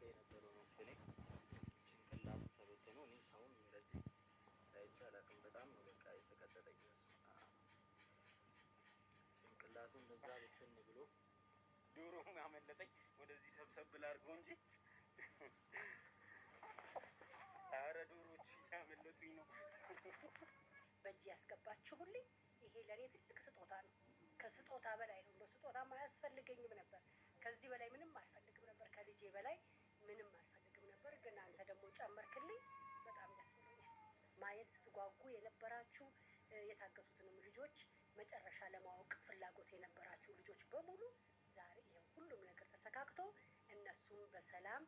ጋ የነበረው ነው እኔ ጭንቅላቱ ተበትኖ እኔ ሰውን እንደዚህ አይቼ አላውቅም። በጣም ነው በቃ የተቀጠጠኝ ጭንቅላቱ እንደዛ ብትን ብሎ ዶሮ አመለጠኝ። ወደዚህ ሰብሰብ ላድርገው እንጂ አረ ዶሮች እያመለጡኝ ነው። በእጅ ያስገባችሁልኝ ይሄ ለእኔ ትልቅ ስጦታ ነው። ከስጦታ በላይ ነው። እንደ ስጦታ አያስፈልገኝም ነበር። ከዚህ በላይ ምንም አልፈልግም ነበር ከልጄ በላይ ምንም አልፈልግም ነበር፣ ግን አንተ ደግሞ ጨመርክልኝ። በጣም ደስ ይለኛል። ማየት ስትጓጉ የነበራችሁ የታገቱትንም ልጆች መጨረሻ ለማወቅ ፍላጎት የነበራችሁ ልጆች በሙሉ ዛሬ ይሄ ሁሉም ነገር ተሰካክቶ እነሱም በሰላም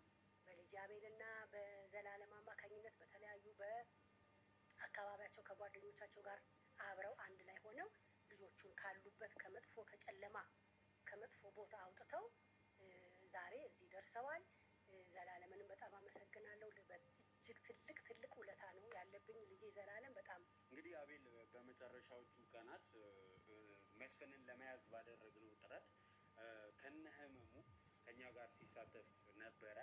በልጃቤልና በዘላለም አማካኝነት በተለያዩ በአካባቢያቸው ከጓደኞቻቸው ጋር አብረው አንድ ላይ ሆነው ልጆቹን ካሉበት ከመጥፎ ከጨለማ ከመጥፎ ቦታ አውጥተው ዛሬ እዚህ ደርሰዋል። ዘላለምንም በጣም አመሰግናለሁ። እጅግ ትልቅ ትልቅ ውለታ ነው ያለብኝ ልጄ ዘላለም። በጣም እንግዲህ አቤል በመጨረሻዎቹ ቀናት መስፍንን ለመያዝ ባደረግነው ጥረት ከነ ህመሙ ከኛ ጋር ሲሳተፍ ነበረ፣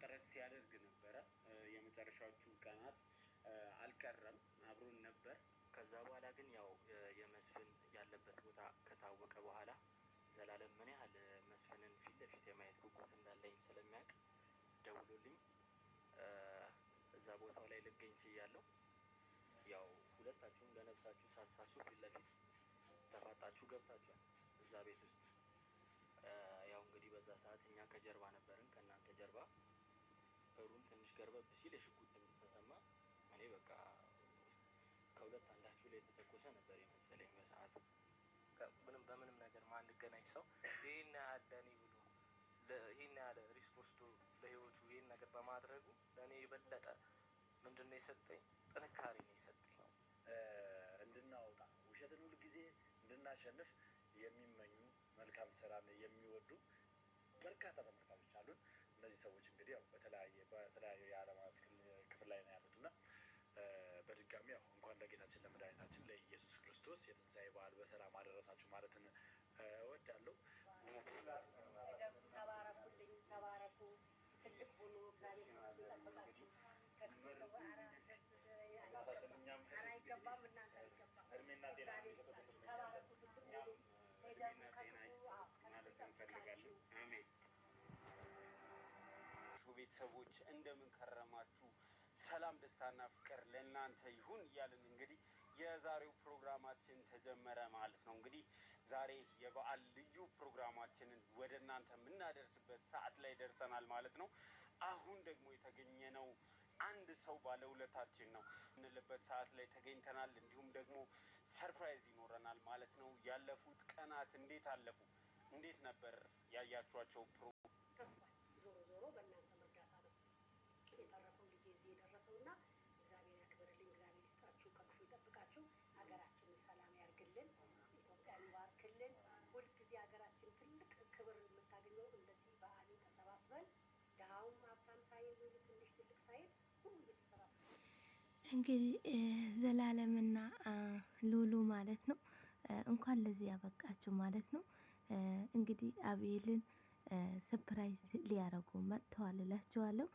ጥረት ሲያደርግ ነበረ። የመጨረሻዎቹ ቀናት አልቀረም፣ አብሮን ነበር። ከዛ በኋላ ግን ያው የመስፍን ያለበት ቦታ ከታወቀ በኋላ ዘላለም ምን ያህል መስፍንን ፊት ለፊት የማየት ጉጉት እንዳለኝ ስለሚያውቅ ደውሎልኝ እዛ ቦታው ላይ ልገኝ ችያለሁ። ያው ሁለታችሁም ለነፍሳችሁ ሳሳሱ ፊት ለፊት ተፋጣችሁ ገብታችኋል እዛ ቤት ውስጥ። ያው እንግዲህ በዛ ሰዓት እኛ ከጀርባ ነበርን ከእናንተ ጀርባ። በሩን ትንሽ ገርበብ ሲል የሽጉጥ ድምፅ ተሰማ። እኔ በቃ ከሁለት አንዳችሁ ላይ የተተኮሰ ነበር የመሰለኝ በሰዓቱ። ምንም በምንም ነገር ማንገናኝ ሰው ይህን ያህል ለእኔ ብሎ ይህን ያህል ሪስክ ወስዶ ለህይወቱ በማድረጉ ለእኔ የበለጠ ምንድን ነው የሰጠኝ? ጥንካሬ ነው የሰጠኝ። እንድናወጣ ውሸትን ጊዜ እንድናሸንፍ የሚመኙ መልካም ስራን የሚወዱ በርካታ ተመልካቾች አሉን። እነዚህ ሰዎች እንግዲህ ያው በተለያየ በተለያየ የዓለማት ክፍል ላይ ነው ያሉት እና በድጋሚ ያው እንኳን ለጌታችን ለመድኃኒታችን ለኢየሱስ ክርስቶስ የትንሣኤ በዓል በሰላም አደረሳችሁ ማለትን እወዳለሁ። ሁሉ እግዚአብሔር ቤተሰቦች እንደምን ከረማችሁ? ሰላም ደስታና ፍቅር ለእናንተ ይሁን እያልን እንግዲህ የዛሬው ፕሮግራማችን ተጀመረ ማለት ነው። እንግዲህ ዛሬ የበዓል ልዩ ፕሮግራማችንን ወደ እናንተ የምናደርስበት ሰዓት ላይ ደርሰናል ማለት ነው። አሁን ደግሞ የተገኘነው አንድ ሰው ባለውለታችን ነው እንልበት ሰዓት ላይ ተገኝተናል። እንዲሁም ደግሞ ሰርፕራይዝ ይኖረናል ማለት ነው። ያለፉት ቀናት እንዴት አለፉ? እንዴት ነበር ያያችኋቸው? ፕሮ ዞሮ ዞሮ በእናንተ መርዳታ ነው የተረፈው ልጄ እዚህ የደረሰው እና እንግዲህ ዘላለምና ሉሉ ማለት ነው እንኳን ለዚህ ያበቃችሁ ማለት ነው። እንግዲህ አቤልን ሰፕራይዝ ሊያረጉ መጥተዋል እላችኋለሁ።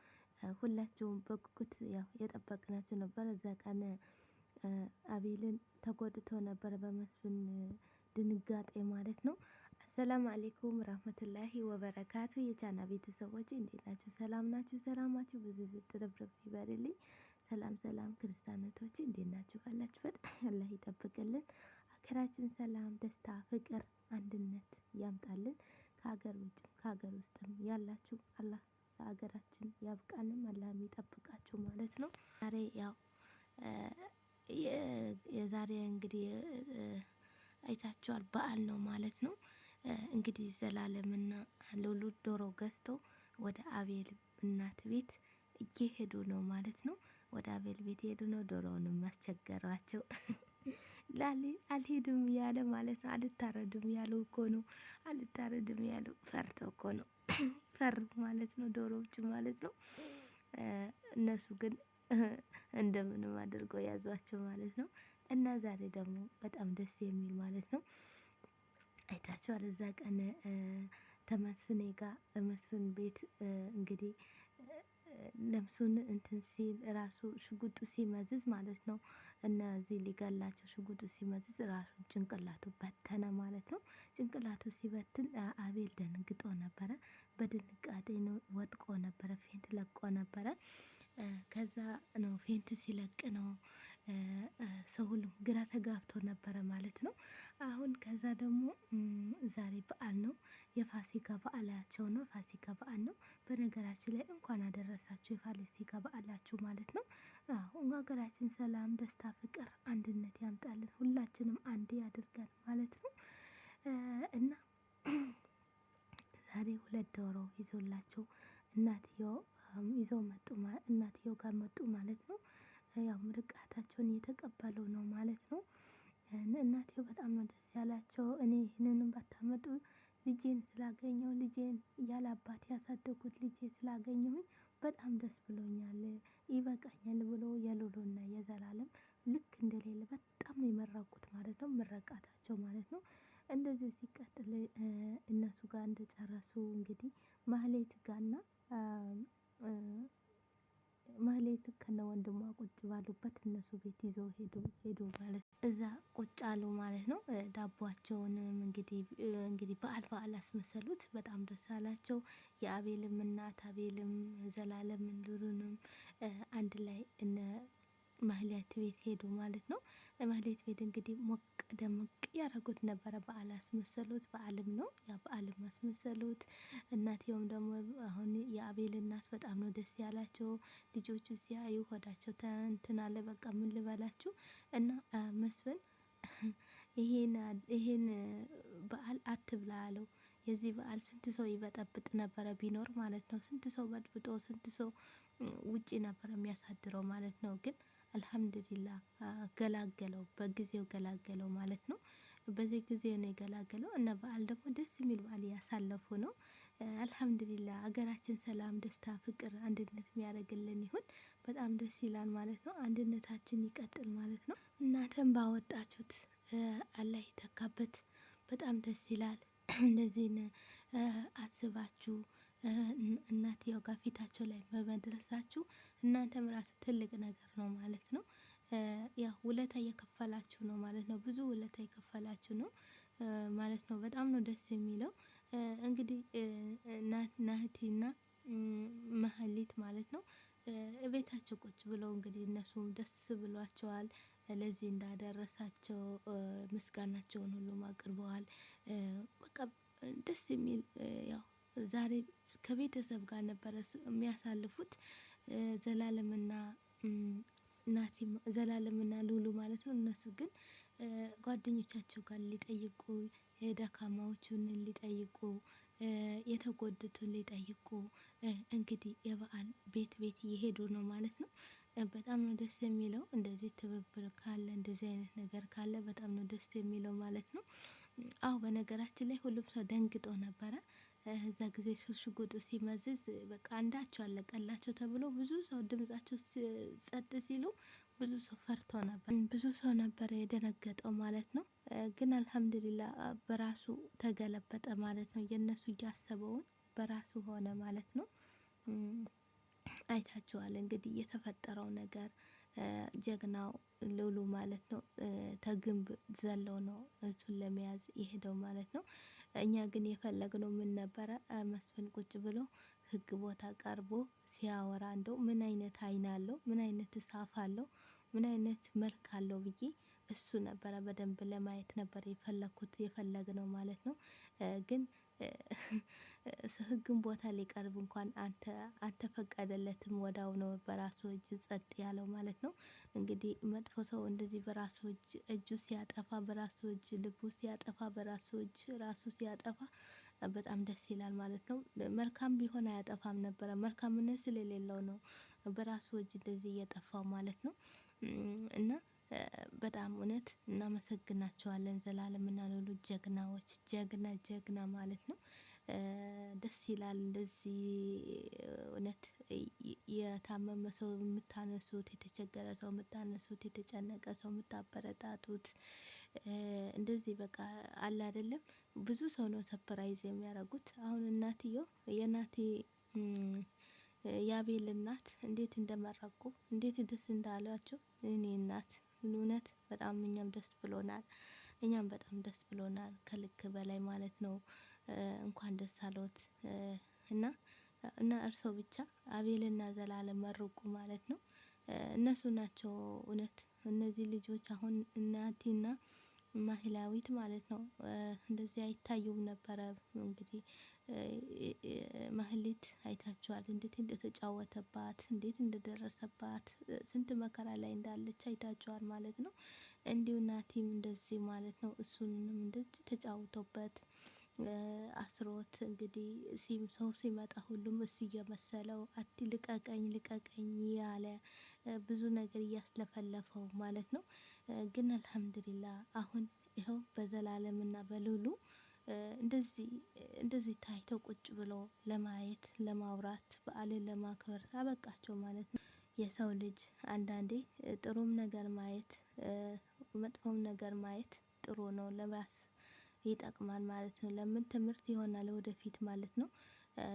ሁላችሁም በጉጉት ያው የጠበቅናችሁ ነበር። እዛ ቀን አቤልን ተጎድቶ ነበር በመስፍን ድንጋጤ ማለት ነው። አሰላም አሌይኩም ራህመቱላሂ ወበረካቱ የቻና ቤተሰቦች እንዴት ናችሁ? ሰላም ናችሁ? ሰላማችሁ ብዙ ዝጥርብርብ ይበልልኝ። ሰላም ሰላም ክርስቲያኖቶች እንዴት ናችሁ? በጣም አላህ ይጠብቅልን። ሀገራችን ሰላም፣ ደስታ፣ ፍቅር፣ አንድነት ያምጣልን። ከሀገር ውጭ ከሀገር ውስጥም ያላችሁ አላህ ለሀገራችን ያብቃንም፣ አላህ ይጠብቃችሁ ማለት ነው። ዛሬ ያው የዛሬ እንግዲህ አይታችኋል በዓል ነው ማለት ነው። እንግዲህ ዘላለምና ሉሉ ዶሮ ገዝቶ ወደ አቤል እናት ቤት እየሄዱ ነው ማለት ነው። ወደ አቤል ቤት ሄዱ ነው። ዶሮውንም ያስቸገሯቸው አልሄድም ያለ ማለት ነው። አልታረድም ያለው እኮ ነው። አልታረድም ያሉ ፈርቶ እኮ ነው። ፈር ማለት ነው ዶሮዎች ማለት ነው። እነሱ ግን እንደምንም አድርገው ያዟቸው ማለት ነው። እና ዛሬ ደግሞ በጣም ደስ የሚል ማለት ነው አይታችኋል። እዛ ቀን ተመስፍኔ ጋር መስፍን ቤት እንግዲህ ነፍሱን እንትን ሲል ራሱ ሽጉጡ ሲመዝዝ ማለት ነው። እነዚህ ሊገላቸው ሽጉጡ ሲመዝዝ ራሱ ጭንቅላቱ በተነ ማለት ነው። ጭንቅላቱ ሲበትን አቤል ደንግጦ ነበረ። በድንጋጤ ነው ወጥቆ ነበረ፣ ፌንት ለቆ ነበረ። ከዛ ነው ፌንት ሲለቅ ነው ሰው ሁሉም ግራ ተጋብቶ ነበረ ማለት ነው። አሁን ከዛ ደግሞ ዛሬ በዓል ነው። የፋሲካ በዓላቸው ነው። ፋሲካ በዓል ነው። በነገራችን ላይ እንኳን አደረሳችሁ የፋሲካ በዓላችሁ ማለት ነው። አሁን ሀገራችን ሰላም፣ ደስታ፣ ፍቅር፣ አንድነት ያምጣልን። ሁላችንም አንድ ያድርገን ማለት ነው እና ዛሬ ሁለት ዶሮ ይዞላቸው እናትየው ይዘው መጡ። እናትየው ጋር መጡ ማለት ነው። ያው ምርቃታቸውን እየተቀበሉ ነው ማለት ነው። እናቴው በጣም ነው ደስ ያላቸው። እኔ ይህንንም ባታመጡ ልጄን ስላገኘው ልጄን ያለ አባት ያሳደጉት ልጄ ስላገኘሁኝ በጣም ደስ ብሎኛል፣ ይበቃኛል ብሎ የሉሉና የዘላለም ልክ እንደሌለ በጣም ነው የመረቁት ማለት ነው። ምረቃታቸው ማለት ነው። እንደዚህ ሲቀጥል እነሱ ጋር እንደጨረሱ እንግዲህ ማህሌት ጋርና ማሌት ከነ ወንድሟ ቁጭ ባሉበት እነሱ ቤት ይዘው ሄዱ ማለት እዛ ቁጭ አሉ ማለት ነው። ዳቧቸውንም እንግዲህ እንግዲህ በዓል በዓል አስመሰሉት። በጣም ደስ አላቸው። የአቤልም እናት አቤልም ዘላለም ሉሉንም አንድ ላይ እነ ማህሌት ቤት ሄዱ ማለት ነው። ማህሌት ቤት እንግዲህ ሞቅ ደመቅ ያደረጉት ነበረ። በዓል አስመሰሉት። በዓልም ነው ያ በዓልም አስመሰሉት። እናትየውም ደግሞ አሁን የአቤል እናት በጣም ነው ደስ ያላቸው። ልጆቹ ሲያዩ ሆዳቸው እንትን አለ። በቃ ምን ልበላችሁ እና መስፍን ይሄን በዓል አትብላ አለው። የዚህ በዓል ስንት ሰው ይበጠብጥ ነበረ ቢኖር ማለት ነው። ስንት ሰው በጥብጦ ስንት ሰው ውጪ ነበር የሚያሳድረው ማለት ነው ግን አልሐምዱሊላ ገላገለው በጊዜው ገላገለው ማለት ነው። በዚህ ጊዜ ነው የገላገለው እና በዓል ደግሞ ደስ የሚል በዓል እያሳለፉ ነው። አልሐምዱሊላ ሀገራችን ሰላም፣ ደስታ፣ ፍቅር፣ አንድነት የሚያደርግልን ይሁን። በጣም ደስ ይላል ማለት ነው። አንድነታችን ይቀጥል ማለት ነው። እናንተም ባወጣችሁት አላህ ይተካበት። በጣም ደስ ይላል። እንደዚህ አስባችሁ እናትየው ጋር ፊታቸው ላይ በመድረሳችሁ እናንተም ራሱ ትልቅ ነገር ነው ማለት ነው። ያው ውለታ እየከፈላችሁ ነው ማለት ነው ብዙ ውለታ እየከፈላችሁ ነው ማለት ነው በጣም ነው ደስ የሚለው። እንግዲህ ናቲና መህሊት ማለት ነው። እቤታቸው ቁጭ ብለው እንግዲህ እነሱም ደስ ብሏቸዋል ለዚህ እንዳደረሳቸው ምስጋናቸውን ሁሉም አቅርበዋል። በቃ ደስ የሚል ያው ዛሬ ከቤተሰብ ጋር ነበረ የሚያሳልፉት። ዘላለምና ናሲም ዘላለምና ሉሉ ማለት ነው። እነሱ ግን ጓደኞቻቸው ጋር ሊጠይቁ ደካማዎቹን ሊጠይቁ የተጎዱትን ሊጠይቁ እንግዲህ የበዓል ቤት ቤት እየሄዱ ነው ማለት ነው። በጣም ነው ደስ የሚለው እንደዚህ ትብብር ካለ እንደዚህ አይነት ነገር ካለ በጣም ነው ደስ የሚለው ማለት ነው። አሁ በነገራችን ላይ ሁሉም ሰው ደንግጦ ነበረ እዛ ጊዜ ሱ ሽጉጡ ሲመዝዝ በቃ አንዳቸው አለቀላቸው ተብሎ ብዙ ሰው ድምጻቸው ጸጥ ሲሉ ብዙ ሰው ፈርቶ ነበር፣ ብዙ ሰው ነበር የደነገጠው ማለት ነው። ግን አልሐምዱሊላ በራሱ ተገለበጠ ማለት ነው። የእነሱ እያሰበውን በራሱ ሆነ ማለት ነው። አይታችኋል እንግዲህ የተፈጠረው ነገር ጀግናው ልውሉ ማለት ነው። ተግንብ ዘለው ነው እሱን ለመያዝ የሄደው ማለት ነው። እኛ ግን የፈለግነው ምን ነበረ? መስፍን ቁጭ ብሎ ህግ ቦታ ቀርቦ ሲያወራ እንደው ምን አይነት አይን አለው፣ ምን አይነት እሳፍ አለው፣ ምን አይነት መልክ አለው ብዬ እሱ ነበረ በደንብ ለማየት ነበር የፈለግኩት የፈለግነው ማለት ነው። ግን ህግን ቦታ ሊቀርብ እንኳን አልተፈቀደለትም። ወዳው ነው በራሱ እጅ ጸጥ ያለው ማለት ነው። እንግዲህ መጥፎ ሰው እንደዚህ በራሱ እጅ እጁ ሲያጠፋ በራሱ እጅ ልቡ ሲያጠፋ በራሱ እጅ ራሱ ሲያጠፋ በጣም ደስ ይላል ማለት ነው። መልካም ቢሆን አያጠፋም ነበረ መልካምነት ስለሌለው ነው በራሱ እጅ እንደዚህ እየጠፋው ማለት ነው። እና በጣም እውነት እናመሰግናቸዋለን እና ሌሎች ጀግናዎች ጀግና ጀግና ማለት ነው። ደስ ይላል። እንደዚህ እውነት የታመመ ሰው የምታነሱት፣ የተቸገረ ሰው የምታነሱት፣ የተጨነቀ ሰው የምታበረታቱት እንደዚህ በቃ አለ አይደለም። ብዙ ሰው ነው ሰፕራይዝ የሚያደርጉት። አሁን እናትየው የእናቴ የአቤል እናት እንዴት እንደመረቁ እንዴት ደስ እንዳላቸው እኔ እናት እውነት በጣም እኛም ደስ ብሎናል። እኛም በጣም ደስ ብሎናል ከልክ በላይ ማለት ነው። እንኳን ደስ አለዎት እና እና እርሶ ብቻ አቤልና ዘላለም መርቁ ማለት ነው። እነሱ ናቸው እውነት እነዚህ ልጆች አሁን እናቲና ማህላዊት ማለት ነው እንደዚህ አይታዩም ነበረ እንግዲህ ማህሌት አይታችኋል እንዴት እንደተጫወተባት እንዴት እንደደረሰባት ስንት መከራ ላይ እንዳለች አይታችኋል ማለት ነው። እንዲሁ ናቲም እንደዚህ ማለት ነው እሱንም እንደዚህ ተጫውቶበት አስሮት እንግዲህ ሲም ሰው ሲመጣ ሁሉም እሱ እየመሰለው አቲ ልቀቀኝ ልቀቀኝ ያለ ብዙ ነገር እያስለፈለፈው ማለት ነው። ግን አልሐምዱሊላ አሁን ይኸው በዘላለም እና በልሉ እንደዚህ ታይተው ቁጭ ብሎ ለማየት ለማውራት በዓልን ለማክበር አበቃቸው ማለት ነው። የሰው ልጅ አንዳንዴ ጥሩም ነገር ማየት መጥፎም ነገር ማየት ጥሩ ነው ለራስ ይጠቅማል ማለት ነው። ለምን ትምህርት ይሆናል ወደፊት ማለት ነው።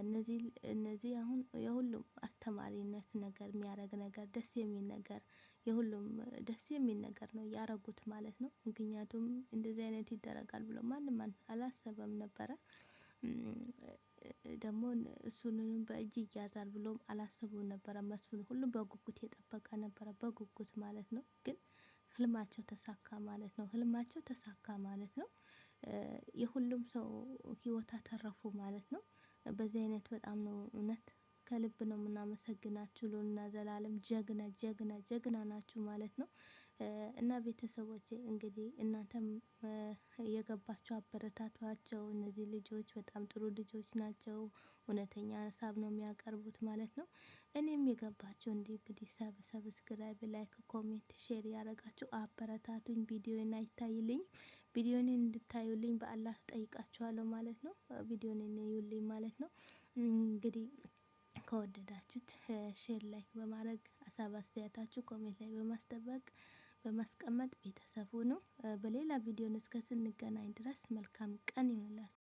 እነዚህ እነዚህ አሁን የሁሉም አስተማሪነት ነገር የሚያደርግ ነገር ደስ የሚል ነገር የሁሉም ደስ የሚል ነገር ነው ያረጉት ማለት ነው። ምክንያቱም እንደዚህ አይነት ይደረጋል ብሎ ማንም አላሰበም ነበረ። ደግሞ እሱንም በእጅ ይያዛል ብሎም አላሰቡም ነበረ መስፍን ሁሉም በጉጉት የጠበቀ ነበረ በጉጉት ማለት ነው። ግን ህልማቸው ተሳካ ማለት ነው። ህልማቸው ተሳካ ማለት ነው የሁሉም ሰው ህይወት አተረፉ ማለት ነው። በዚህ አይነት በጣም ነው እውነት ከልብ ነው የምናመሰግናችሁ። ሉልና ዘላለም ጀግና ጀግና ጀግና ናችሁ ማለት ነው። እና ቤተሰቦች እንግዲህ እናንተም የገባችሁ አበረታቷቸው። እነዚህ ልጆች በጣም ጥሩ ልጆች ናቸው። እውነተኛ ሀሳብ ነው የሚያቀርቡት ማለት ነው። እኔም የገባችሁ እንዲህ እንግዲህ ሰብ ሰብስክራይብ፣ ላይክ፣ ኮሜንት፣ ሼር ያደረጋችሁ አበረታቱኝ። ቪዲዮን አይታይልኝ ቪዲዮን እንድታዩልኝ በአላህ ጠይቃችኋለሁ ማለት ነው። ቪዲዮን እንዩልኝ ማለት ነው። እንግዲህ ከወደዳችሁት ሼር ላይክ በማድረግ ሀሳብ አስተያየታችሁ ኮሜንት ላይ በማስጠበቅ በማስቀመጥ ቤተሰብ ሁኑ። በሌላ ቪዲዮ እስከ ስንገናኝ ድረስ መልካም ቀን ይሁንላችሁ።